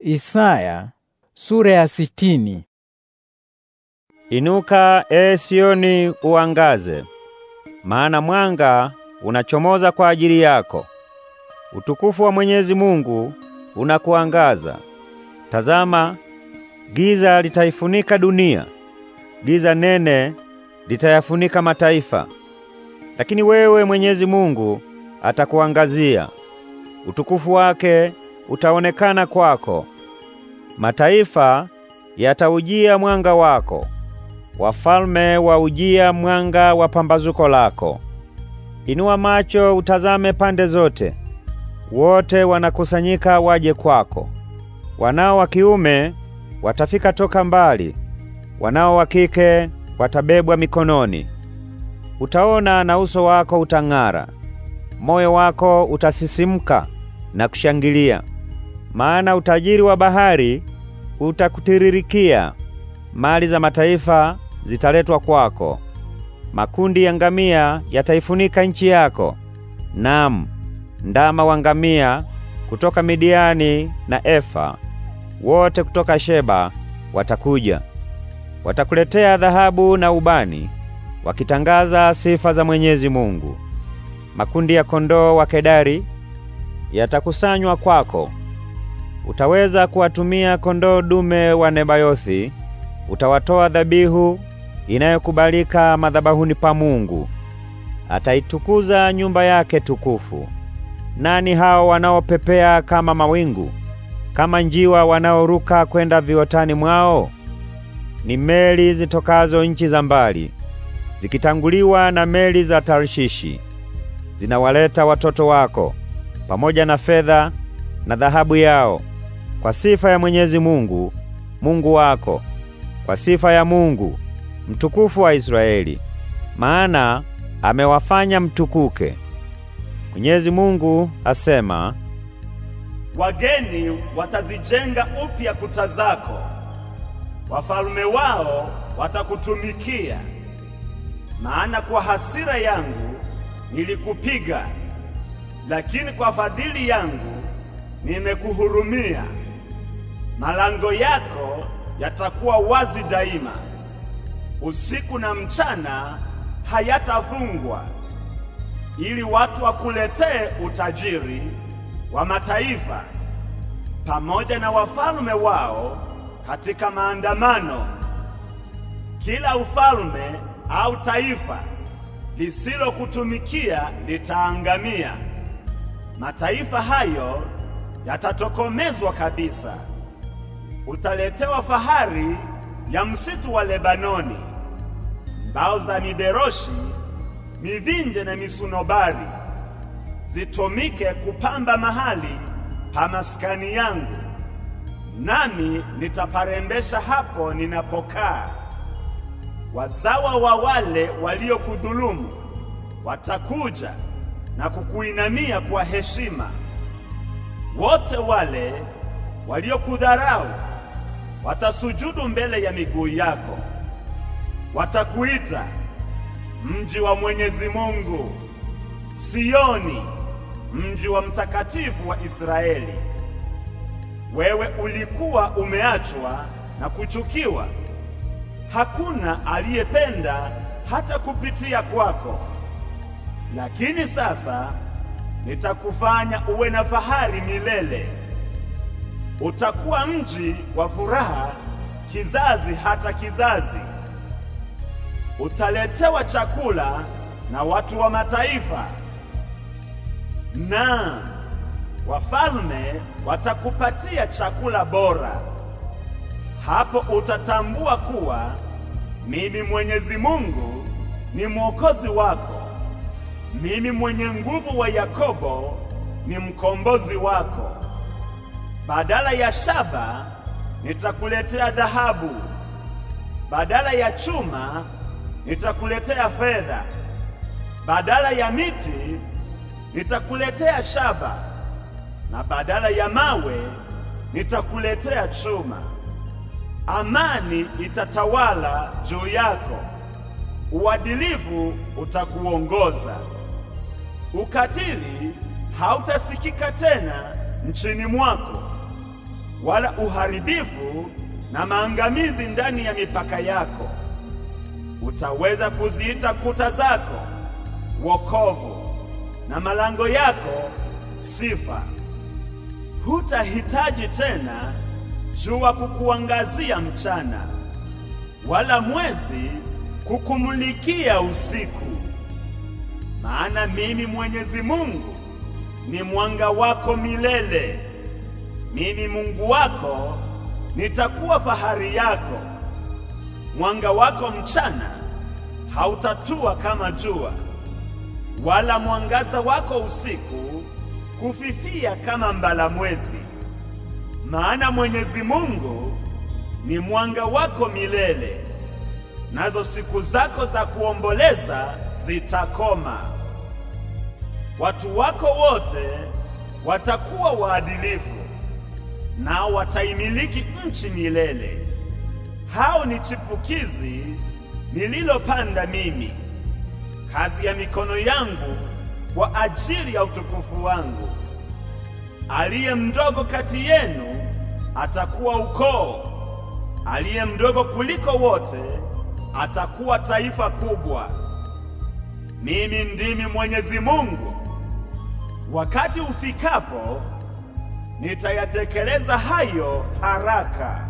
Isaya sura ya sitini. Inuka e Sioni, uangaze, maana mwanga unachomoza kwa ajili yako. Utukufu wa Mwenyezi Mungu unakuangaza. Tazama, giza litaifunika dunia, giza nene litayafunika mataifa, lakini wewe Mwenyezi Mungu atakuangazia. Utukufu wake utaonekana kwako. Mataifa yataujia mwanga wako, wafalme waujia mwanga wa pambazuko lako. Inua macho utazame pande zote, wote wanakusanyika waje kwako. Wanao wa kiume watafika toka mbali, wanao wa kike watabebwa mikononi. Utaona na uso wako utang'ara, moyo wako utasisimka na kushangilia maana utajiri wa bahari utakutiririkia. Mali za mataifa zitaletwa kwako, makundi ya ngamia yataifunika nchi yako, naam ndama wa ngamia kutoka Midiani na Efa, wote kutoka Sheba watakuja. Watakuletea dhahabu na ubani, wakitangaza sifa za Mwenyezi Mungu. Makundi ya kondoo wa Kedari yatakusanywa kwako Utaweza kuwatumia kondoo dume wa Nebayothi, utawatoa dhabihu inayokubalika madhabahuni pa Mungu. Ataitukuza nyumba yake tukufu. Nani hao wanaopepea kama mawingu, kama njiwa wanaoruka kwenda viotani mwao? Ni meli zitokazo nchi za mbali, zikitanguliwa na meli za Tarshishi. Zinawaleta watoto wako pamoja na fedha na dhahabu yao kwa sifa ya Mwenyezi Mungu, Mungu wako, kwa sifa ya Mungu mtukufu wa Israeli, maana amewafanya mtukuke. Mwenyezi Mungu asema, wageni watazijenga upya kuta zako, wafalume wao watakutumikia. Maana kwa hasira yangu nilikupiga, lakini kwa fadhili yangu nimekuhurumia malango yako yatakuwa wazi daima, usiku na mchana hayatafungwa, ili watu wakuletee utajiri wa mataifa pamoja na wafalme wao katika maandamano. Kila ufalme au taifa lisilokutumikia litaangamia. Mataifa hayo yatatokomezwa kabisa utaletewa fahari ya msitu wa Lebanoni, mbao za miberoshi, mivinje na misunobari zitumike kupamba mahali pa maskani yangu, nami nitaparembesha hapo ninapokaa. Wazawa wa wale waliokudhulumu watakuja na kukuinamia kwa heshima. Wote wale Waliokudharau watasujudu mbele ya miguu yako, watakuita mji wa Mwenyezi Mungu, Sioni, mji wa mtakatifu wa Israeli. Wewe ulikuwa umeachwa na kuchukiwa, hakuna aliyependa hata kupitia kwako. Lakini sasa nitakufanya uwe na fahari milele. Utakuwa mji wa furaha kizazi hata kizazi. Utaletewa chakula na watu wa mataifa, na wafalme watakupatia chakula bora. Hapo utatambua kuwa mimi Mwenyezi Mungu ni mwokozi wako, mimi mwenye nguvu wa Yakobo ni mkombozi wako badala ya shaba nitakuletea dhahabu, badala ya chuma nitakuletea fedha, badala ya miti nitakuletea shaba, na badala ya mawe nitakuletea chuma. Amani itatawala juu yako, uadilifu utakuongoza. Ukatili hautasikika tena nchini mwako wala uharibifu na maangamizi ndani ya mipaka yako. Utaweza kuziita kuta zako wokovu na malango yako sifa. Hutahitaji tena jua kukuangazia mchana, wala mwezi kukumulikia usiku, maana mimi Mwenyezi Mungu ni mwanga wako milele. Mimi Mungu wako nitakuwa fahari yako, mwanga wako mchana hautatua kama jua, wala mwangaza wako usiku kufifia kama mbalamwezi. Maana Mwenyezi Mungu ni mwanga wako milele, nazo siku zako za kuomboleza zitakoma. Watu wako wote watakuwa waadilifu nao wataimiliki nchi milele. Hao ni chipukizi nililopanda mimi, kazi ya mikono yangu, kwa ajili ya utukufu wangu. Aliye mdogo kati yenu atakuwa ukoo, aliye mdogo kuliko wote atakuwa taifa kubwa. Mimi ndimi Mwenyezi Mungu. Wakati ufikapo Nitayatekeleza hayo haraka.